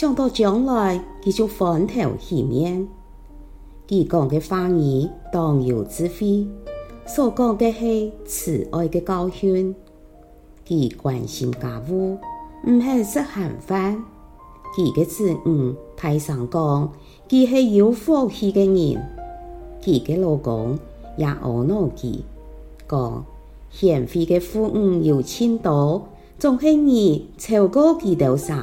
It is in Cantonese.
想到將來，佢就歡頭喜面。佢講嘅話語當有智慧，所講嘅係慈愛嘅教訓。佢關心家務，唔肯食閒飯。佢嘅子女太上講，佢係有福氣的人。佢嘅老公也懊惱佢，講賢惠的父母有千多，仲係你超過佢多少。